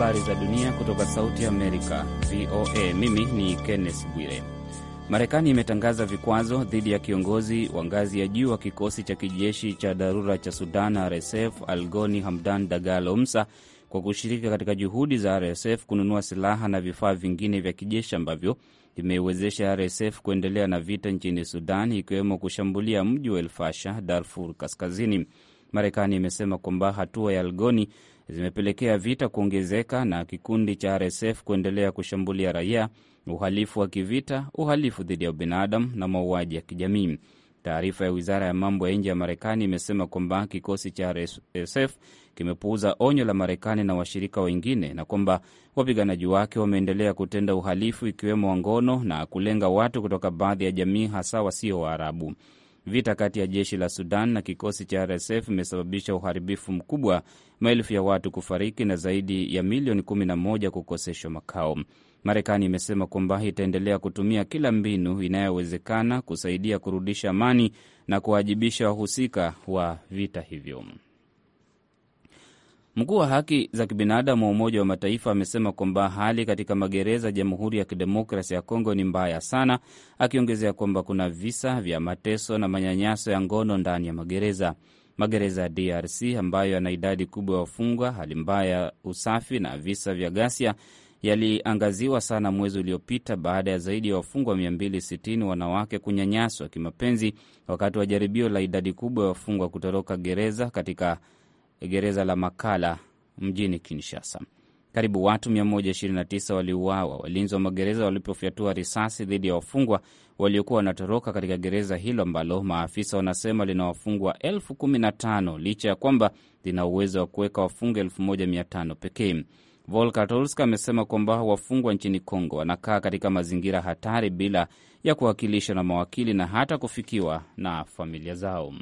habari za dunia kutoka Sauti Amerika, VOA. Mimi ni Kenneth Bwire. Marekani imetangaza vikwazo dhidi ya kiongozi wa ngazi ya juu wa kikosi cha kijeshi cha dharura cha Sudan, RSF, Algoni Hamdan Dagalo Msa, kwa kushiriki katika juhudi za RSF kununua silaha na vifaa vingine vya kijeshi ambavyo imeiwezesha RSF kuendelea na vita nchini Sudan, ikiwemo kushambulia mji wa elfasha Darfur Kaskazini. Marekani imesema kwamba hatua ya Algoni zimepelekea vita kuongezeka na kikundi cha RSF kuendelea kushambulia raia, uhalifu wa kivita, uhalifu dhidi ya ubinadamu na mauaji ya kijamii. Taarifa ya wizara ya mambo ya nje ya Marekani imesema kwamba kikosi cha RSF kimepuuza onyo la Marekani na washirika wengine na kwamba wapiganaji wake wameendelea kutenda uhalifu ikiwemo wa ngono na kulenga watu kutoka baadhi ya jamii hasa wasio Waarabu. Vita kati ya jeshi la Sudan na kikosi cha RSF imesababisha uharibifu mkubwa, maelfu ya watu kufariki na zaidi ya milioni 11 kukoseshwa makao. Marekani imesema kwamba itaendelea kutumia kila mbinu inayowezekana kusaidia kurudisha amani na kuwajibisha wahusika wa vita hivyo. Mkuu wa haki za kibinadamu wa Umoja wa Mataifa amesema kwamba hali katika magereza ya Jamhuri ya Kidemokrasia ya Kongo ni mbaya sana, akiongezea kwamba kuna visa vya mateso na manyanyaso ya ngono ndani ya magereza. Magereza ya DRC ambayo yana idadi kubwa ya wafungwa, hali mbaya ya usafi na visa vya ghasia yaliangaziwa sana mwezi uliopita baada ya zaidi ya wafungwa 260 wanawake kunyanyaswa kimapenzi wakati wa jaribio la idadi kubwa ya wafungwa kutoroka gereza katika gereza la Makala mjini Kinshasa. Karibu watu 129 waliuawa walinzi wa magereza walipofyatua risasi dhidi ya wafungwa waliokuwa wanatoroka katika gereza hilo ambalo maafisa wanasema lina wafungwa 15 licha ya kwamba lina uwezo wa kuweka wafungwa 15 pekee. Volker amesema kwamba wafungwa nchini Kongo wanakaa katika mazingira hatari bila ya kuwakilishwa na mawakili na hata kufikiwa na familia zao.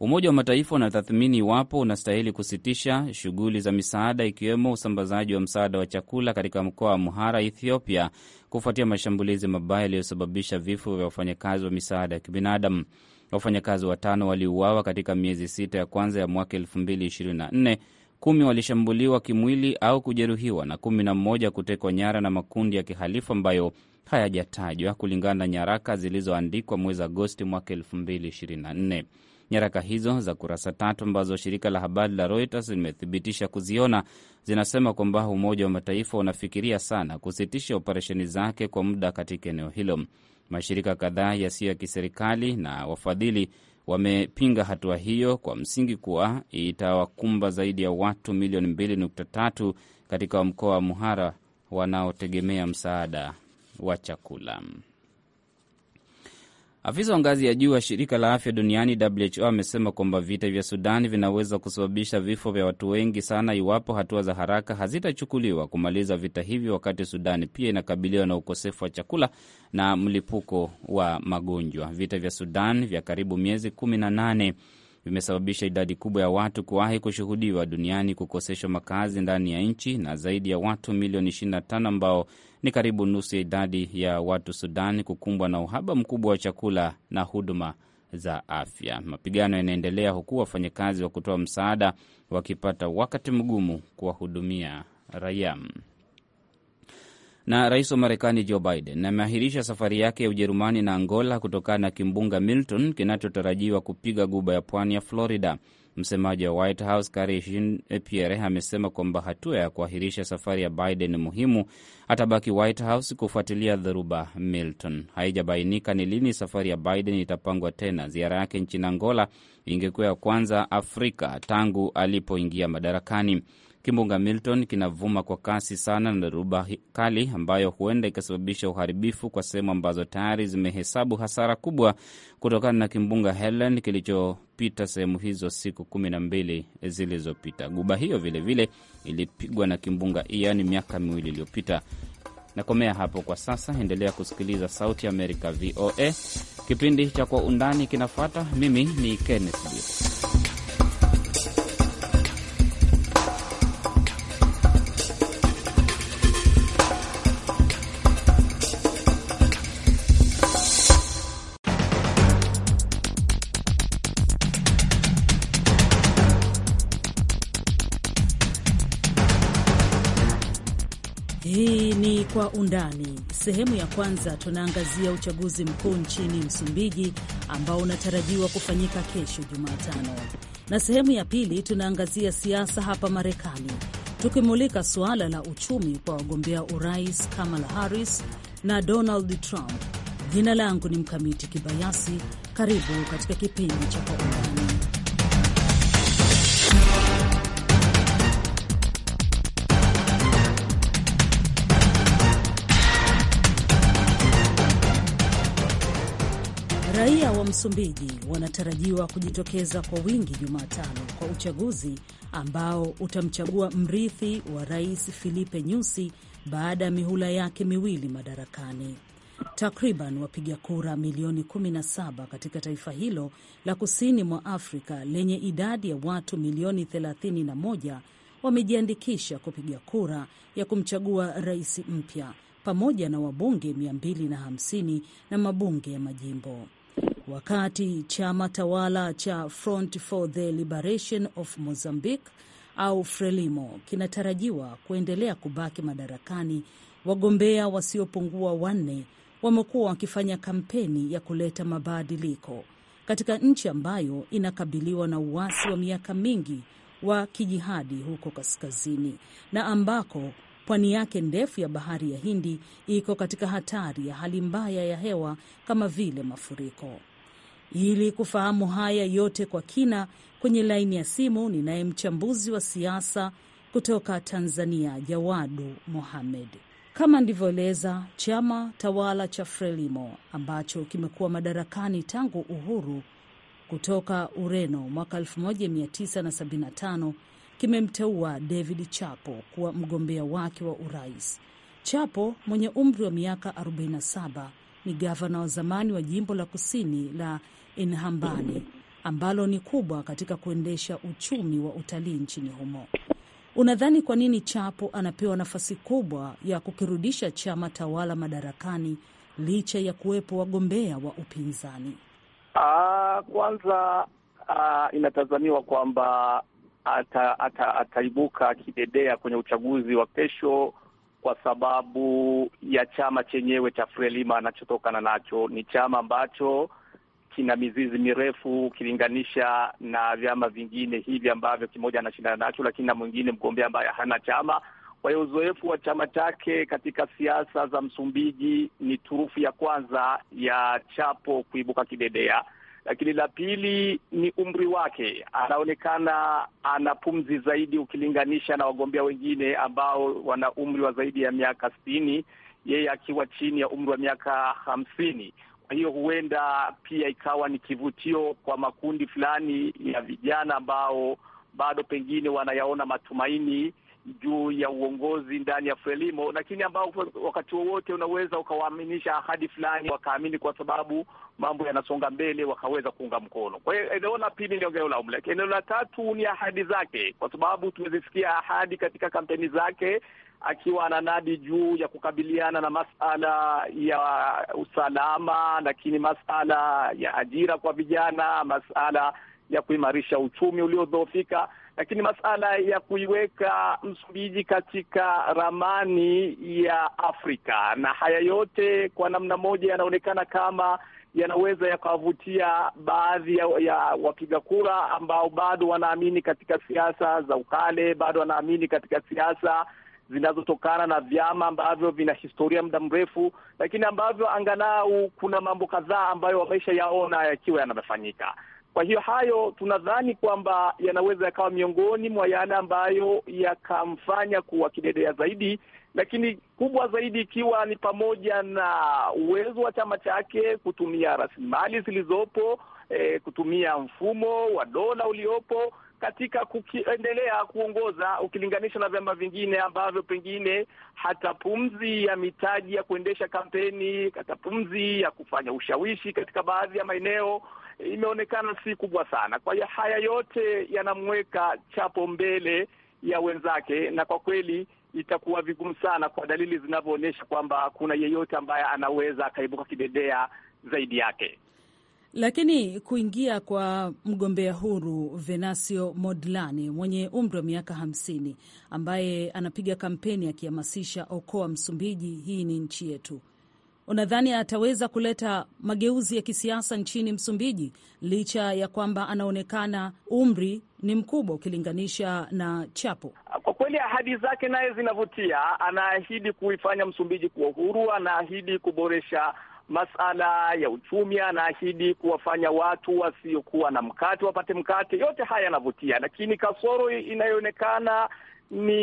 Umoja wa Mataifa unatathmini iwapo unastahili kusitisha shughuli za misaada ikiwemo usambazaji wa msaada wa chakula katika mkoa wa Amhara, Ethiopia, kufuatia mashambulizi mabaya yaliyosababisha vifo vya wafanyakazi wa misaada ya kibinadamu. Wafanyakazi watano waliuawa katika miezi sita ya kwanza ya mwaka elfu mbili ishirini na nne. Kumi walishambuliwa kimwili au kujeruhiwa na kumi na mmoja kutekwa nyara na makundi ya kihalifu ambayo hayajatajwa kulingana na nyaraka zilizoandikwa mwezi Agosti mwaka elfu mbili ishirini na nne. Nyaraka hizo za kurasa tatu ambazo shirika la habari la Reuters limethibitisha kuziona zinasema kwamba Umoja wa Mataifa unafikiria sana kusitisha operesheni zake kwa muda katika eneo hilo. Mashirika kadhaa yasiyo ya kiserikali na wafadhili wamepinga hatua hiyo kwa msingi kuwa itawakumba zaidi ya watu milioni 2.3 katika mkoa wa Amhara wanaotegemea msaada wa chakula. Afisa wa ngazi ya juu wa shirika la afya duniani WHO amesema kwamba vita vya Sudani vinaweza kusababisha vifo vya watu wengi sana iwapo hatua za haraka hazitachukuliwa kumaliza vita hivyo, wakati Sudani pia inakabiliwa na ukosefu wa chakula na mlipuko wa magonjwa. Vita vya Sudan vya karibu miezi kumi na nane vimesababisha idadi kubwa ya watu kuwahi kushuhudiwa duniani kukoseshwa makazi ndani ya nchi na zaidi ya watu milioni 25 ambao ni karibu nusu ya idadi ya watu Sudan kukumbwa na uhaba mkubwa wa chakula na huduma za afya. Mapigano yanaendelea huku wafanyakazi wa kutoa msaada wakipata wakati mgumu kuwahudumia raia na rais wa Marekani Joe Biden ameahirisha safari yake ya Ujerumani na Angola kutokana na kimbunga Milton kinachotarajiwa kupiga guba ya pwani ya Florida. Msemaji wa White House Karine Jean-Pierre amesema kwamba hatua ya kuahirisha safari ya Biden ni muhimu. Atabaki White House kufuatilia dhoruba Milton. Haijabainika ni lini safari ya Biden itapangwa tena. Ziara yake nchini Angola ingekuwa ya kwanza Afrika tangu alipoingia madarakani. Kimbunga Milton kinavuma kwa kasi sana na dhoruba kali ambayo huenda ikasababisha uharibifu kwa sehemu ambazo tayari zimehesabu hasara kubwa kutokana na kimbunga Helen kilichopita sehemu hizo siku kumi na mbili zilizopita. Guba hiyo vilevile ilipigwa na kimbunga Ian miaka miwili iliyopita. Nakomea hapo kwa sasa. Endelea kusikiliza Sauti ya Amerika, VOA. Kipindi cha Kwa Undani kinafuata. Mimi ni Kenneth Bwire. sehemu ya kwanza tunaangazia uchaguzi mkuu nchini Msumbiji ambao unatarajiwa kufanyika kesho Jumatano, na sehemu ya pili tunaangazia siasa hapa Marekani, tukimulika suala la uchumi kwa wagombea urais Kamala Harris na Donald Trump. Jina langu ni Mkamiti Kibayasi. Karibu katika kipindi cha Kwa Undani. Raia wa Msumbiji wanatarajiwa kujitokeza kwa wingi Jumatano kwa uchaguzi ambao utamchagua mrithi wa rais Filipe Nyusi baada ya mihula yake miwili madarakani. Takriban wapiga kura milioni 17 katika taifa hilo la kusini mwa Afrika lenye idadi ya watu milioni 31 wamejiandikisha kupiga kura ya kumchagua rais mpya pamoja na wabunge 250 na mabunge ya majimbo wakati chama tawala cha Front for the Liberation of Mozambique au Frelimo kinatarajiwa kuendelea kubaki madarakani, wagombea wasiopungua wanne wamekuwa wakifanya kampeni ya kuleta mabadiliko katika nchi ambayo inakabiliwa na uasi wa miaka mingi wa kijihadi huko kaskazini na ambako pwani yake ndefu ya bahari ya Hindi iko katika hatari ya hali mbaya ya hewa kama vile mafuriko. Ili kufahamu haya yote kwa kina, kwenye laini ya simu ninaye mchambuzi wa siasa kutoka Tanzania, Jawadu Mohamed. Kama ndivyoeleza, chama tawala cha Frelimo ambacho kimekuwa madarakani tangu uhuru kutoka Ureno mwaka 1975 kimemteua David Chapo kuwa mgombea wake wa urais. Chapo mwenye umri wa miaka 47 ni gavana wa zamani wa jimbo la kusini la Inhambane ambalo ni kubwa katika kuendesha uchumi wa utalii nchini humo. Unadhani kwa nini Chapo anapewa nafasi kubwa ya kukirudisha chama tawala madarakani licha ya kuwepo wagombea wa upinzani? Aa, ah, kwanza aa, ah, inatazamiwa kwamba ata, ata, ataibuka akidedea kwenye uchaguzi wa kesho kwa sababu ya chama chenyewe cha Frelima anachotokana nacho ni chama ambacho kina mizizi mirefu ukilinganisha na vyama vingine hivi ambavyo kimoja anashindana nacho, lakini na mwingine mgombea ambaye hana chama. Kwa hiyo uzoefu wa chama chake katika siasa za Msumbiji ni turufu ya kwanza ya Chapo kuibuka kidedea, lakini la pili ni umri wake. Anaonekana ana pumzi zaidi ukilinganisha na wagombea wengine ambao wana umri wa zaidi ya miaka sitini, yeye akiwa chini ya umri wa miaka hamsini. Kwa hiyo huenda pia ikawa ni kivutio kwa makundi fulani ya vijana ambao bado pengine wanayaona matumaini juu ya uongozi ndani ya Frelimo, lakini ambao wakati wowote unaweza ukawaaminisha ahadi fulani, wakaamini kwa sababu mambo yanasonga mbele, wakaweza kuunga mkono. Kwa hiyo eneo la pili ndio eneo la Umlek. Eneo la tatu ni ahadi zake, kwa sababu tumezisikia ahadi katika kampeni zake akiwa nadi juu ya kukabiliana na masala ya usalama, lakini masala ya ajira kwa vijana, masala ya kuimarisha uchumi uliodhoofika, lakini masala ya kuiweka Msumbiji katika ramani ya Afrika. Na haya yote kwa namna moja yanaonekana kama yanaweza yakawavutia baadhi ya, ya wapiga kura ambao bado wanaamini katika siasa za ukale, bado wanaamini katika siasa zinazotokana na vyama ambavyo vina historia muda mrefu, lakini ambavyo angalau kuna mambo kadhaa ambayo wameisha yaona yakiwa yanavyofanyika. Kwa hiyo hayo tunadhani kwamba yanaweza yakawa miongoni mwa yale ambayo yakamfanya kuwa kidedea zaidi, lakini kubwa zaidi ikiwa ni pamoja na uwezo wa chama chake kutumia rasilimali zilizopo, e, kutumia mfumo wa dola uliopo katika kukiendelea kuongoza ukilinganisha na vyama vingine ambavyo pengine hata pumzi ya mitaji ya kuendesha kampeni, hata pumzi ya kufanya ushawishi katika baadhi ya maeneo eh, imeonekana si kubwa sana. Kwa hiyo haya yote yanamweka Chapo mbele ya wenzake, na kwa kweli itakuwa vigumu sana kwa dalili zinavyoonyesha kwamba kuna yeyote ambaye anaweza akaibuka kidedea zaidi yake. Lakini kuingia kwa mgombea huru Venancio Modlani mwenye umri wa miaka hamsini ambaye anapiga kampeni akihamasisha okoa Msumbiji, hii ni nchi yetu, unadhani ataweza kuleta mageuzi ya kisiasa nchini Msumbiji licha ya kwamba anaonekana umri ni mkubwa ukilinganisha na Chapo? Kwa kweli ahadi zake naye zinavutia. Anaahidi kuifanya Msumbiji kuwa huru anaahidi kuboresha masala ya uchumi, anaahidi kuwafanya watu wasiokuwa na mkate wapate mkate. Yote haya yanavutia, lakini kasoro inayoonekana ni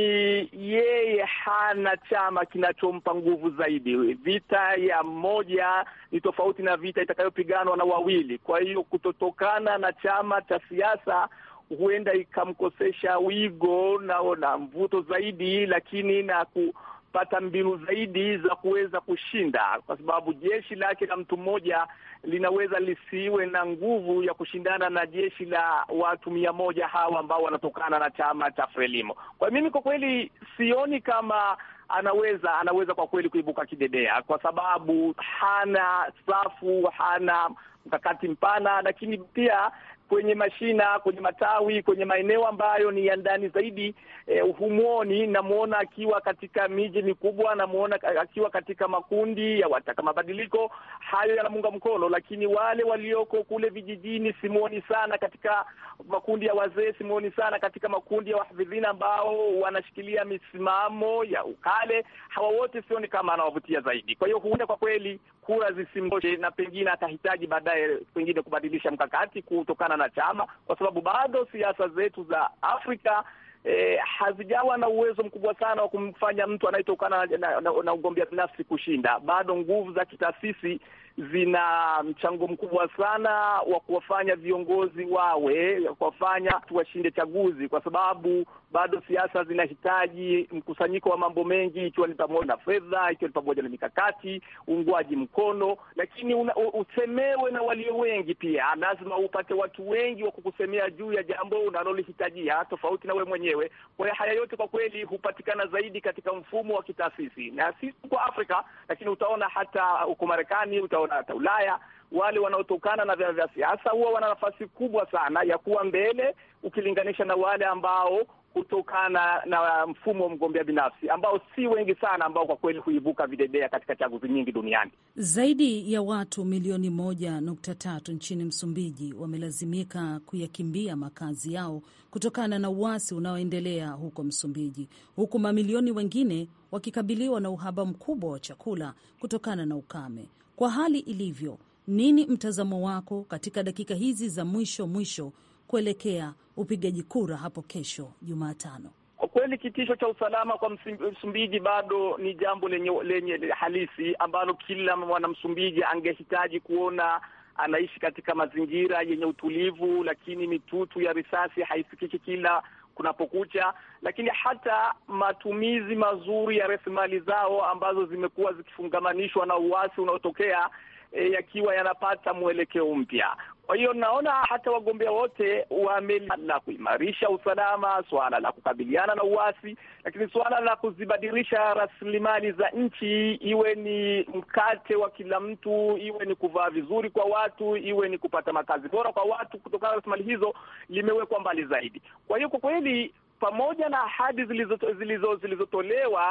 yeye hana chama kinachompa nguvu zaidi. Vita ya moja ni tofauti na vita itakayopiganwa na wawili. Kwa hiyo kutotokana na chama cha siasa huenda ikamkosesha wigo nao na mvuto zaidi, lakini na ku kupata mbinu zaidi za kuweza kushinda, kwa sababu jeshi lake la mtu mmoja linaweza lisiwe na nguvu ya kushindana na jeshi la watu mia moja hawa ambao wanatokana na chama cha Frelimo. Kwa mimi kwa kweli sioni kama anaweza anaweza kwa kweli kuibuka kidedea, kwa sababu hana safu, hana mkakati mpana, lakini pia kwenye mashina, kwenye matawi, kwenye maeneo ambayo ni ya ndani zaidi. Eh, humwoni, namwona akiwa katika miji mikubwa, namwona akiwa katika makundi ya wataka mabadiliko. Hayo yanamunga mkono, lakini wale walioko kule vijijini simwoni sana katika makundi ya wazee, simwoni sana katika makundi ya wahafidhina ambao wanashikilia misimamo ya ukale. Hawa wote sioni kama anawavutia zaidi. Kwa hiyo huenda kwa kweli kura zisimtoshe, na pengine atahitaji baadaye pengine kubadilisha mkakati kutokana kutokana na chama, kwa sababu bado siasa zetu za Afrika E, hazijawa na uwezo mkubwa sana wa kumfanya mtu anayetokana na, na, na, na ugombea binafsi kushinda. Bado nguvu za kitaasisi zina mchango mkubwa sana wa kuwafanya viongozi wawe kuwafanya tuwashinde chaguzi, kwa sababu bado siasa zinahitaji mkusanyiko wa mambo mengi, ikiwa ni pamoja na fedha, ikiwa ni pamoja na mikakati, uungwaji mkono, lakini una, usemewe na walio wengi pia. Lazima upate watu wengi wa kukusemea juu ya jambo unalolihitajia, tofauti na we mwenyewe. Kwa hiyo haya yote kwa kweli hupatikana zaidi katika mfumo wa kitaasisi, na si kwa Afrika, lakini utaona hata huko Marekani utaona au na hata Ulaya, wale wanaotokana na vyama vya siasa huwa wana nafasi kubwa sana ya kuwa mbele ukilinganisha na wale ambao kutokana na mfumo wa mgombea binafsi ambao si wengi sana, ambao kwa kweli huibuka videdea katika chaguzi nyingi duniani. Zaidi ya watu milioni moja nukta tatu nchini Msumbiji wamelazimika kuyakimbia makazi yao kutokana na uasi unaoendelea huko Msumbiji, huku mamilioni wengine wakikabiliwa na uhaba mkubwa wa chakula kutokana na ukame. Kwa hali ilivyo, nini mtazamo wako katika dakika hizi za mwisho mwisho kuelekea upigaji kura hapo kesho Jumatano? Kwa kweli kitisho cha usalama kwa Msumbiji bado ni jambo lenye, lenye halisi ambalo kila mwanamsumbiji angehitaji kuona anaishi katika mazingira yenye utulivu, lakini mitutu ya risasi haifikiki kila kunapokucha, lakini hata matumizi mazuri ya rasilimali zao ambazo zimekuwa zikifungamanishwa na uasi unaotokea e, yakiwa yanapata mwelekeo mpya. Kwa hiyo naona hata wagombea wote wamela kuimarisha usalama, suala la kukabiliana na uasi, lakini suala la kuzibadilisha rasilimali za nchi, iwe ni mkate wa kila mtu, iwe ni kuvaa vizuri kwa watu, iwe ni kupata makazi bora kwa watu, kutokana na rasilimali hizo, limewekwa mbali zaidi. Kwa hiyo kwa kweli pamoja na ahadi zilizotolewa zilizo, zilizo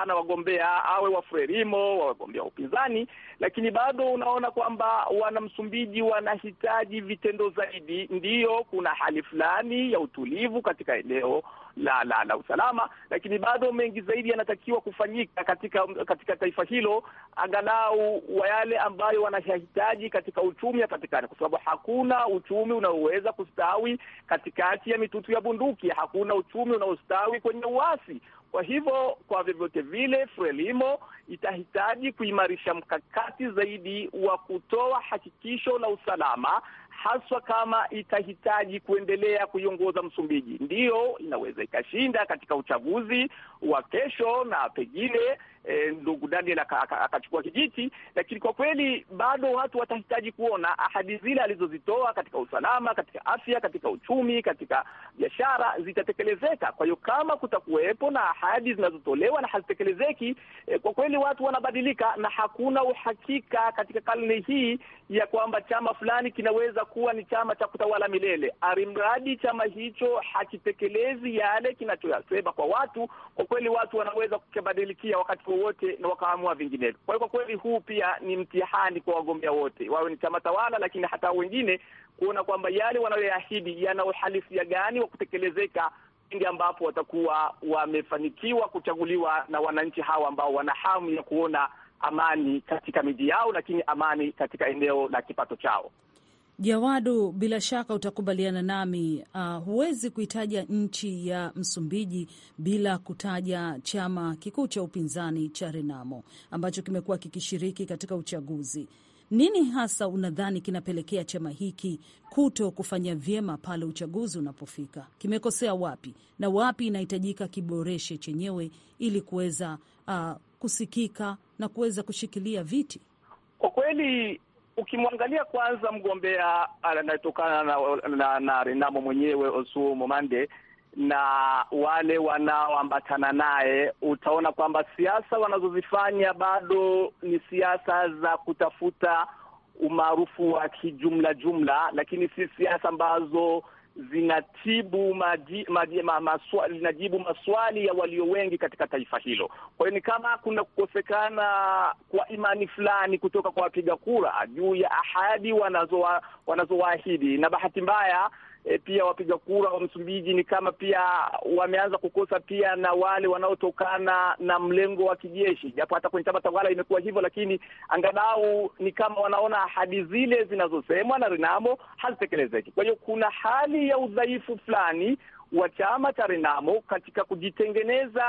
na wagombea awe wa Frelimo wa wagombea upinzani, lakini bado unaona kwamba wana Msumbiji wanahitaji vitendo zaidi. Ndiyo, kuna hali fulani ya utulivu katika eneo la, la, la usalama, lakini bado mengi zaidi yanatakiwa kufanyika katika katika taifa hilo, angalau wa yale ambayo wanayahitaji katika uchumi yapatikane, kwa sababu hakuna uchumi unaoweza kustawi katikati ya mitutu ya bunduki. Hakuna uchumi unaostawi kwenye uasi. Kwa hivyo kwa vyovyote vile, Frelimo itahitaji kuimarisha mkakati zaidi wa kutoa hakikisho la usalama haswa kama itahitaji kuendelea kuiongoza Msumbiji. Ndiyo, inaweza ikashinda katika uchaguzi wa kesho na pengine e, ndugu Daniel akachukua kijiti, lakini kwa kweli bado watu watahitaji kuona ahadi zile alizozitoa katika usalama, katika afya, katika uchumi, katika biashara zitatekelezeka. Kwa hiyo kama kutakuwepo na ahadi zinazotolewa na hazitekelezeki, e, kwa kweli watu wanabadilika, na hakuna uhakika katika karne hii ya kwamba chama fulani kinaweza kuwa ni chama cha kutawala milele, alimradi chama hicho hakitekelezi yale kinachoyasema kwa watu. Kwa kweli watu wanaweza kukibadilikia wakati wako wote na wakaamua vinginevyo. Kwa hiyo kwa kweli huu pia ni mtihani kwa wagombea wote, wawe ni chama tawala, lakini hata wengine kuona kwamba yale wanayoyaahidi yana uhalisia gani wa kutekelezeka pindi ambapo watakuwa wamefanikiwa kuchaguliwa na wananchi hawa ambao wana hamu ya kuona amani katika miji yao, lakini amani katika eneo la kipato chao. Jawadu, bila shaka utakubaliana nami uh, huwezi kuitaja nchi ya Msumbiji bila kutaja chama kikuu cha upinzani cha Renamo ambacho kimekuwa kikishiriki katika uchaguzi. Nini hasa unadhani kinapelekea chama hiki kuto kufanya vyema pale uchaguzi unapofika? Kimekosea wapi na wapi inahitajika kiboreshe chenyewe ili kuweza uh, kusikika na kuweza kushikilia viti? Kwa kweli ukimwangalia kwanza mgombea anayetokana na, na, na, na Renamo mwenyewe Osuo Momande na wale wanaoambatana naye, utaona kwamba siasa wanazozifanya bado ni siasa za kutafuta umaarufu wa kijumla jumla, lakini si siasa ambazo zinatibu maji, maji, ma, maswali, zinajibu maswali ya walio wengi katika taifa hilo. Kwa hiyo ni kama kuna kukosekana kwa imani fulani kutoka kwa wapiga kura juu ya ahadi wanazowaahidi, wanazo, na bahati mbaya e, pia wapiga kura wa Msumbiji ni kama pia wameanza kukosa pia na wale wanaotokana na mlengo wa kijeshi, japo hata kwenye chama tawala imekuwa hivyo, lakini angalau ni kama wanaona ahadi zile zinazosemwa na Renamo hazitekelezeki. Kwa hiyo kuna hali ya udhaifu fulani wa chama cha Renamo katika kujitengeneza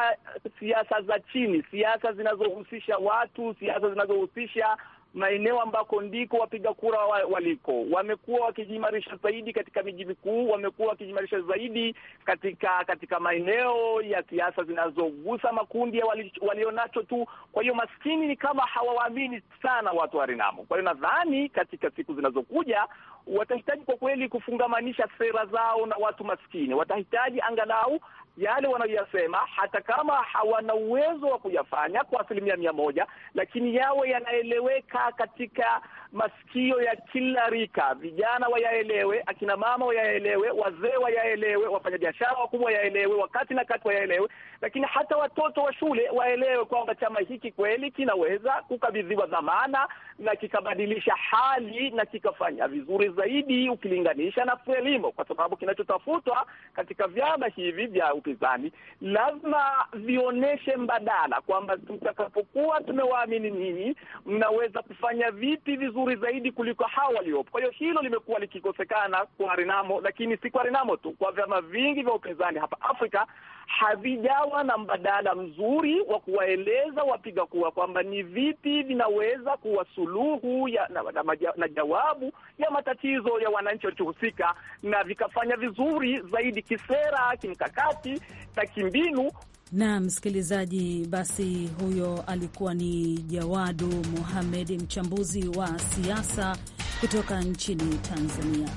siasa za chini, siasa zinazohusisha watu, siasa zinazohusisha maeneo ambako ndiko wapiga kura wa, waliko. Wamekuwa wakijimarisha zaidi katika miji mikuu, wamekuwa wakijimarisha zaidi katika katika maeneo ya siasa zinazogusa makundi ya walionacho tu. Kwa hiyo maskini ni kama hawawaamini sana watu wa Renamo. Kwa hiyo nadhani katika siku zinazokuja watahitaji kwa kweli kufungamanisha sera zao na watu maskini, watahitaji angalau yale wanayoyasema, hata kama hawana uwezo wa kuyafanya kwa asilimia mia moja, lakini yawe yanaeleweka katika masikio ya kila rika, vijana wayaelewe, akina mama wayaelewe, wazee wayaelewe, wafanyabiashara wakubwa wayaelewe, wakati na kati wayaelewe, lakini hata watoto wa shule waelewe kwamba chama hiki kweli kinaweza kukabidhiwa dhamana na kikabadilisha hali na kikafanya vizuri zaidi ukilinganisha na Frelimo, kwa sababu kinachotafutwa katika vyama hivi vya upinzani lazima vionyeshe mbadala kwamba tutakapokuwa tumewaamini nini mnaweza kufanya vipi vizuri vizuri zaidi kuliko hao waliopo. Kwa hiyo hilo limekuwa likikosekana kwa Renamo, lakini si kwa Renamo tu, kwa vyama vingi vya upinzani hapa Afrika havijawa na mbadala mzuri wa kuwaeleza wapiga kura kwamba ni vipi vinaweza kuwa suluhu ya, na, na, na, na jawabu ya matatizo ya wananchi walichohusika na vikafanya vizuri zaidi kisera, kimkakati na kimbinu na msikilizaji, basi huyo alikuwa ni Jawadu Muhamed, mchambuzi wa siasa kutoka nchini Tanzania.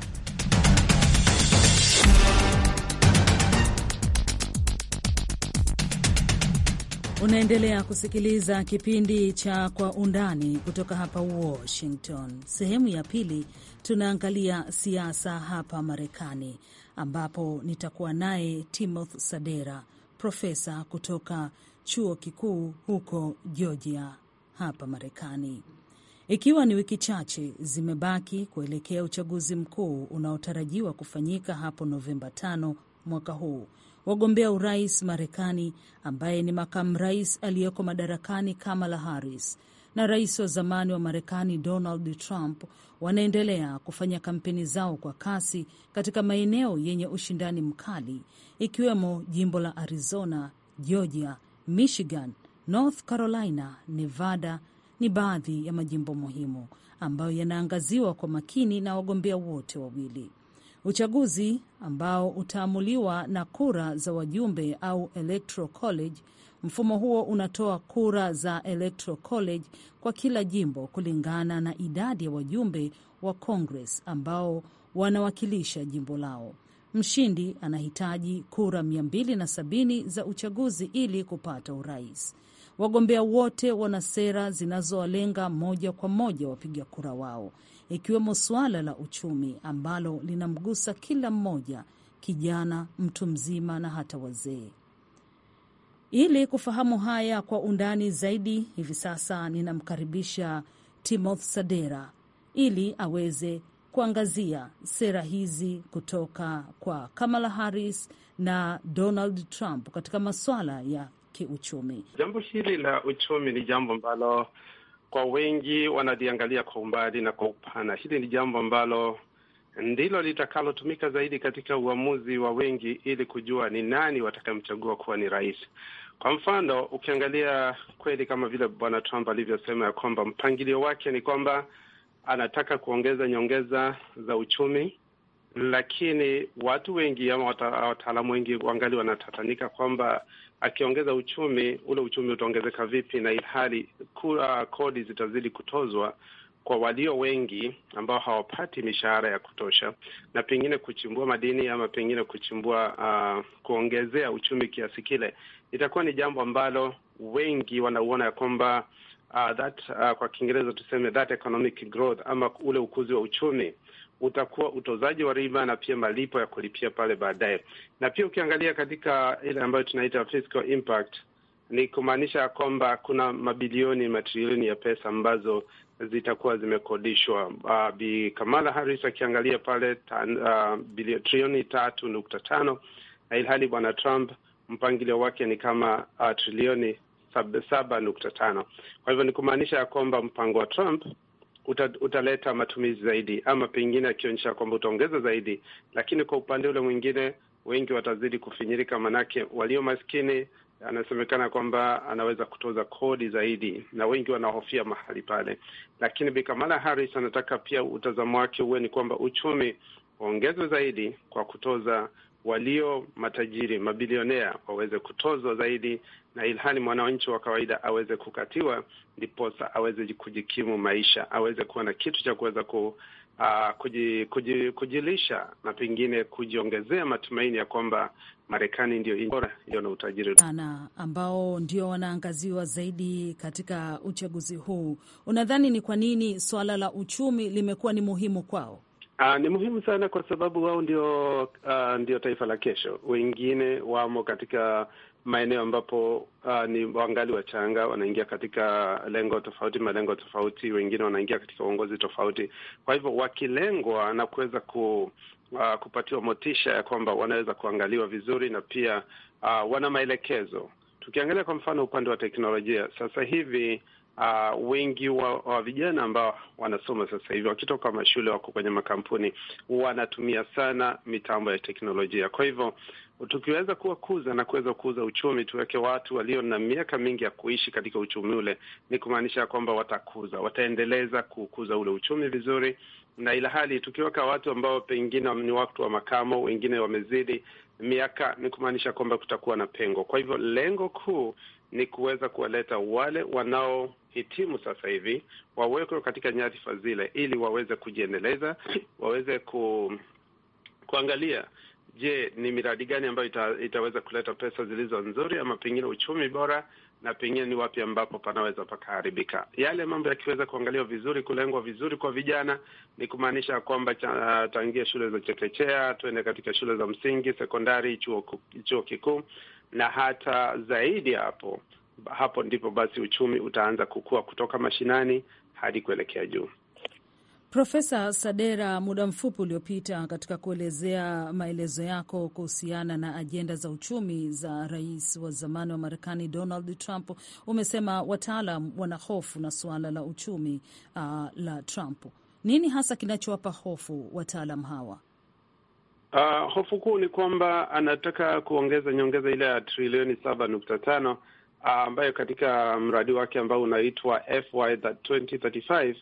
Unaendelea kusikiliza kipindi cha Kwa Undani kutoka hapa Washington. Sehemu ya pili tunaangalia siasa hapa Marekani, ambapo nitakuwa naye Timothy Sadera profesa kutoka chuo kikuu huko Georgia hapa Marekani. Ikiwa ni wiki chache zimebaki kuelekea uchaguzi mkuu unaotarajiwa kufanyika hapo Novemba 5 mwaka huu, wagombea urais Marekani, ambaye ni makamu rais aliyeko madarakani Kamala Harris na rais wa zamani wa Marekani Donald Trump wanaendelea kufanya kampeni zao kwa kasi katika maeneo yenye ushindani mkali ikiwemo jimbo la Arizona, Georgia, Michigan, North Carolina, Nevada ni baadhi ya majimbo muhimu ambayo yanaangaziwa kwa makini na wagombea wote wawili. Uchaguzi ambao utaamuliwa na kura za wajumbe au electoral college. Mfumo huo unatoa kura za electoral college kwa kila jimbo kulingana na idadi ya wajumbe wa Congress ambao wanawakilisha jimbo lao. Mshindi anahitaji kura 270 za uchaguzi ili kupata urais. Wagombea wote wana sera zinazowalenga moja kwa moja wapiga kura wao ikiwemo suala la uchumi ambalo linamgusa kila mmoja, kijana, mtu mzima na hata wazee. Ili kufahamu haya kwa undani zaidi, hivi sasa ninamkaribisha timoth Sadera ili aweze kuangazia sera hizi kutoka kwa Kamala Harris na Donald Trump katika masuala ya kiuchumi. Jambo hili la uchumi ni jambo ambalo kwa wengi wanaliangalia kwa umbali na kwa upana. Hili ni jambo ambalo ndilo litakalotumika zaidi katika uamuzi wa wengi, ili kujua ni nani watakayemchagua kuwa ni rais. Kwa mfano, ukiangalia kweli, kama vile bwana Trump alivyosema ya kwamba mpangilio wake ni kwamba anataka kuongeza nyongeza za uchumi lakini watu wengi ama wataalamu wengi wangali wanatatanika kwamba akiongeza uchumi ule uchumi utaongezeka vipi, na ilhali kura kodi zitazidi kutozwa kwa walio wengi ambao hawapati mishahara ya kutosha, na pengine kuchimbua madini ama pengine kuchimbua uh, kuongezea uchumi kiasi kile, itakuwa ni jambo ambalo wengi wanauona ya kwamba uh, that uh, kwa Kiingereza tuseme that economic growth ama ule ukuzi wa uchumi utakuwa utozaji wa riba na pia malipo ya kulipia pale baadaye. Na pia ukiangalia katika ile ambayo tunaita fiscal impact, ni kumaanisha kwamba kuna mabilioni, matrilioni ya pesa ambazo zitakuwa zimekodishwa. Uh, Bi Kamala Harris akiangalia pale uh, trilioni tatu nukta tano na ilhali bwana Trump mpangilio wake ni kama uh, trilioni saba nukta tano. Kwa hivyo ni kumaanisha ya kwamba mpango wa Trump uta, utaleta matumizi zaidi, ama pengine akionyesha kwamba utaongeza zaidi, lakini kwa upande ule mwingine wengi watazidi kufinyirika, manake walio maskini anasemekana kwamba anaweza kutoza kodi zaidi, na wengi wanahofia mahali pale. Lakini Bi Kamala Harris anataka pia utazamo wake uwe ni kwamba uchumi waongezwe zaidi kwa kutoza walio matajiri mabilionea waweze kutozwa zaidi, na ilhali mwananchi wa kawaida aweze kukatiwa, ndiposa aweze kujikimu maisha, aweze kuwa na kitu cha kuweza ku, uh, kuji, kuji, kujilisha na pengine kujiongezea matumaini ya kwamba Marekani ndio bora iliyo na utajiri sana, ambao ndio wanaangaziwa zaidi katika uchaguzi huu. Unadhani ni kwa nini suala la uchumi limekuwa ni muhimu kwao? Uh, ni muhimu sana kwa sababu wao ndio uh, ndio taifa la kesho. Wengine wamo katika maeneo ambapo uh, ni wangali wachanga, wanaingia katika lengo tofauti, malengo tofauti, wengine wanaingia katika uongozi tofauti. Kwa hivyo wakilengwa na kuweza ku uh, kupatiwa motisha ya kwamba wanaweza kuangaliwa vizuri na pia uh, wana maelekezo. Tukiangalia kwa mfano upande wa teknolojia sasa hivi uh, wengi wa, wa vijana ambao wanasoma sasa hivi wakitoka mashule wako kwenye makampuni wanatumia sana mitambo ya teknolojia. Kwa hivyo tukiweza kuwakuza na kuweza kuuza uchumi, tuweke watu walio na miaka mingi ya kuishi katika uchumi ule, ni kumaanisha kwamba watakuza, wataendeleza kukuza ule uchumi vizuri, na ila hali tukiweka watu ambao pengine ni watu wa makamo, wengine wamezidi miaka, ni kumaanisha kwamba kutakuwa na pengo. Kwa hivyo lengo kuu ni kuweza kuwaleta wale wanaohitimu sasa hivi wawekwe katika nyadhifa zile, ili waweze kujiendeleza, waweze ku, kuangalia je, ni miradi gani ambayo ita, itaweza kuleta pesa zilizo nzuri, ama pengine uchumi bora, na pengine ni wapi ambapo panaweza pakaharibika. Yale mambo yakiweza kuangaliwa vizuri, kulengwa vizuri kwa vijana, ni kumaanisha kwamba tangia shule za chekechea, tuende katika shule za msingi, sekondari, chuo, chuo kikuu na hata zaidi hapo. Hapo ndipo basi uchumi utaanza kukua kutoka mashinani hadi kuelekea juu. Profesa Sadera, muda mfupi uliopita, katika kuelezea maelezo yako kuhusiana na ajenda za uchumi za rais wa zamani wa Marekani Donald Trump, umesema wataalam wana hofu na suala la uchumi uh, la Trump. Nini hasa kinachowapa hofu wataalam hawa? Uh, hofu kuu ni kwamba anataka kuongeza nyongeza ile ya trilioni saba nukta tano uh, ambayo katika mradi wake ambao unaitwa FY 2035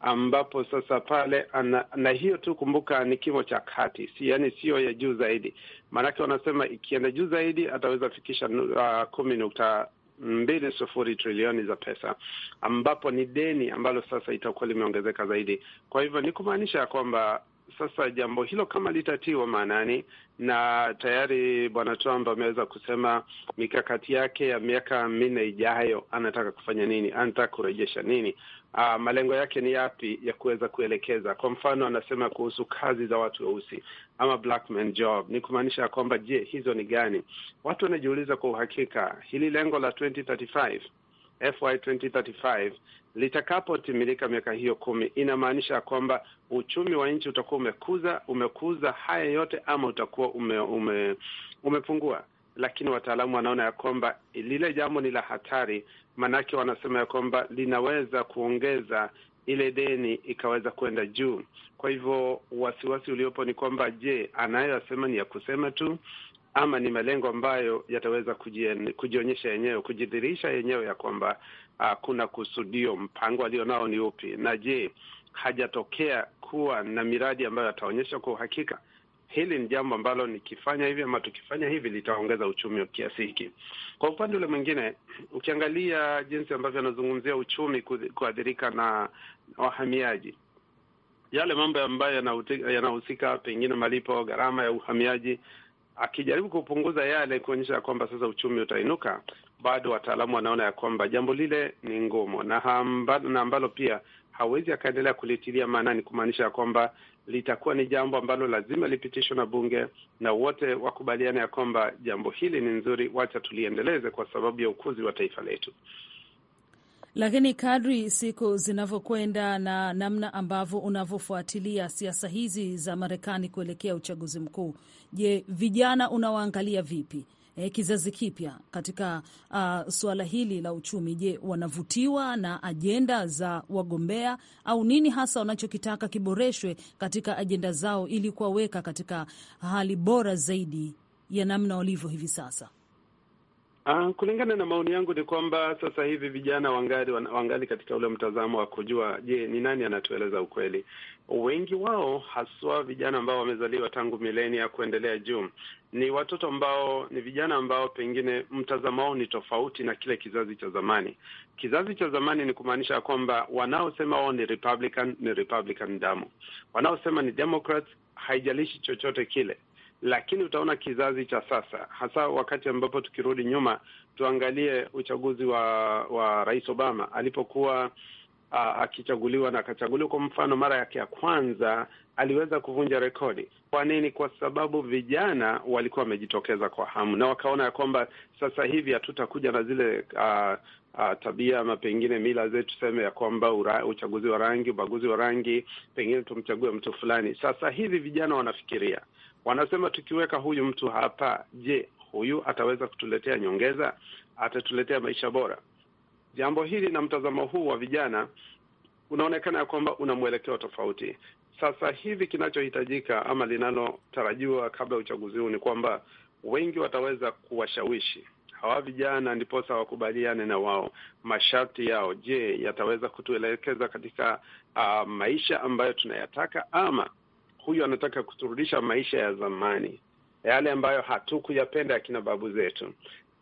ambapo sasa pale ana, na hiyo tu kumbuka, ni kimo cha kati, si yani siyo ya juu zaidi, maanake wanasema ikienda juu zaidi ataweza fikisha uh, kumi nukta mbili sufuri trilioni za pesa, ambapo ni deni ambalo sasa itakuwa limeongezeka zaidi. Kwa hivyo ni kumaanisha ya kwamba sasa jambo hilo kama litatiwa maanani, na tayari bwana Trump ameweza kusema mikakati yake ya miaka minne ijayo, anataka kufanya nini, anataka kurejesha nini, aa, ah, malengo yake ni yapi ya kuweza kuelekeza. Kwa mfano, anasema kuhusu kazi za watu weusi ama black man job, ni kumaanisha ya kwamba, je, hizo ni gani? Watu wanajiuliza kwa uhakika hili lengo la 2035 FY 2035 litakapotimilika miaka hiyo kumi, inamaanisha kwamba uchumi wa nchi utakuwa umekuza umekuza haya yote ama utakuwa ume, ume, umepungua. Lakini wataalamu wanaona ya kwamba lile jambo ni la hatari, maanake wanasema ya kwamba linaweza kuongeza ile deni ikaweza kwenda juu. Kwa hivyo wasiwasi uliopo ni kwamba je, anayoyasema ni ya kusema tu ama ni malengo ambayo yataweza kujionyesha yenyewe, kujidhirisha yenyewe ya kwamba uh, kuna kusudio, mpango alionao ni upi, na je, hajatokea kuwa na miradi ambayo yataonyesha kwa uhakika hili ni jambo ambalo nikifanya hivi ama tukifanya hivi litaongeza uchumi wa kiasi hiki. Kwa upande ule mwingine, ukiangalia jinsi ambavyo anazungumzia uchumi kuathirika na wahamiaji, yale mambo ambayo yanahusika pengine malipo, gharama ya uhamiaji, akijaribu kupunguza yale kuonyesha kwamba sasa uchumi utainuka, bado wataalamu wanaona ya kwamba jambo lile ni ngumu na ambalo, na ambalo pia hawezi akaendelea kulitilia maanani, kumaanisha ya kwamba litakuwa ni jambo ambalo lazima lipitishwe na bunge na wote wakubaliane ya kwamba jambo hili ni nzuri, wacha tuliendeleze kwa sababu ya ukuzi wa taifa letu. Lakini kadri siku zinavyokwenda na namna ambavyo unavyofuatilia siasa hizi za Marekani kuelekea uchaguzi mkuu, je, vijana unawaangalia vipi? E, kizazi kipya katika uh, suala hili la uchumi, je, wanavutiwa na ajenda za wagombea au nini hasa wanachokitaka kiboreshwe katika ajenda zao ili kuwaweka katika hali bora zaidi ya namna walivyo hivi sasa? Uh, kulingana na maoni yangu ni kwamba sasa hivi vijana wangali wangali katika ule mtazamo wa kujua, je, ni nani anatueleza ukweli? Wengi wao haswa vijana ambao wamezaliwa tangu milenia kuendelea juu ni watoto ambao ni vijana ambao pengine mtazamo wao ni tofauti na kile kizazi cha zamani. Kizazi cha zamani ni kumaanisha kwamba wanaosema wao ni Republican ni Republican damu, wanaosema ni Democrats haijalishi chochote kile lakini utaona kizazi cha sasa, hasa wakati ambapo tukirudi nyuma tuangalie uchaguzi wa wa Rais Obama alipokuwa akichaguliwa na akachaguliwa. Kwa mfano, mara yake ya kwanza aliweza kuvunja rekodi. Kwa nini? Kwa sababu vijana walikuwa wamejitokeza kwa hamu na wakaona ya kwamba sasa hivi hatutakuja na zile uh, uh, tabia ama pengine mila zetu, tuseme ya kwamba uchaguzi wa rangi, ubaguzi wa rangi, pengine tumchague mtu fulani. Sasa hivi vijana wanafikiria Wanasema tukiweka huyu mtu hapa, je, huyu ataweza kutuletea nyongeza? Atatuletea maisha bora? Jambo hili na mtazamo huu wa vijana unaonekana ya kwamba una mwelekeo tofauti. Sasa hivi kinachohitajika ama linalotarajiwa kabla ya uchaguzi huu ni kwamba wengi wataweza kuwashawishi hawa vijana, ndiposa wakubaliane na wao. Masharti yao, je, yataweza kutuelekeza katika uh, maisha ambayo tunayataka ama huyu anataka kuturudisha maisha ya zamani, yale ambayo hatukuyapenda akina babu zetu.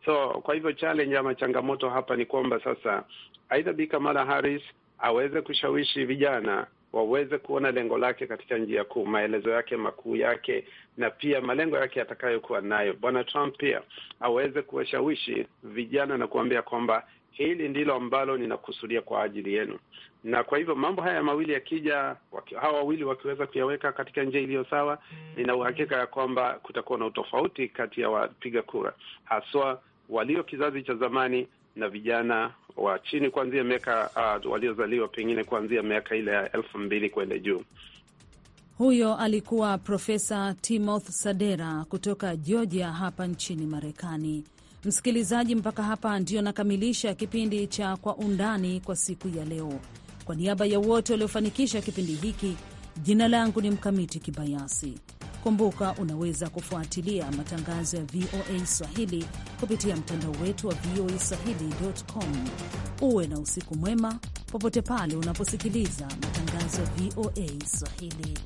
So kwa hivyo challenge ama changamoto hapa ni kwamba sasa aidha Bi Kamala Harris aweze kushawishi vijana waweze kuona lengo lake katika njia kuu, maelezo yake makuu yake, na pia malengo yake yatakayokuwa nayo. Bwana Trump pia aweze kuwashawishi vijana na kuambia kwamba hili ndilo ambalo ninakusudia kwa ajili yenu. Na kwa hivyo mambo haya mawili yakija, hawa wawili wakiweza kuyaweka katika njia iliyo sawa, hmm. nina uhakika ya kwamba kutakuwa na utofauti kati ya wapiga kura, haswa walio kizazi cha zamani na vijana wa chini kuanzia miaka uh, waliozaliwa pengine kuanzia miaka ile ya elfu mbili kwenda juu. Huyo alikuwa Profesa Timothy Sadera kutoka Georgia hapa nchini Marekani. Msikilizaji, mpaka hapa ndio nakamilisha kipindi cha Kwa Undani kwa siku ya leo. Kwa niaba ya wote waliofanikisha kipindi hiki, jina langu ni Mkamiti Kibayasi. Kumbuka, unaweza kufuatilia matangazo ya VOA Swahili kupitia mtandao wetu wa VOA Swahili.com. Uwe na usiku mwema popote pale unaposikiliza matangazo ya VOA Swahili.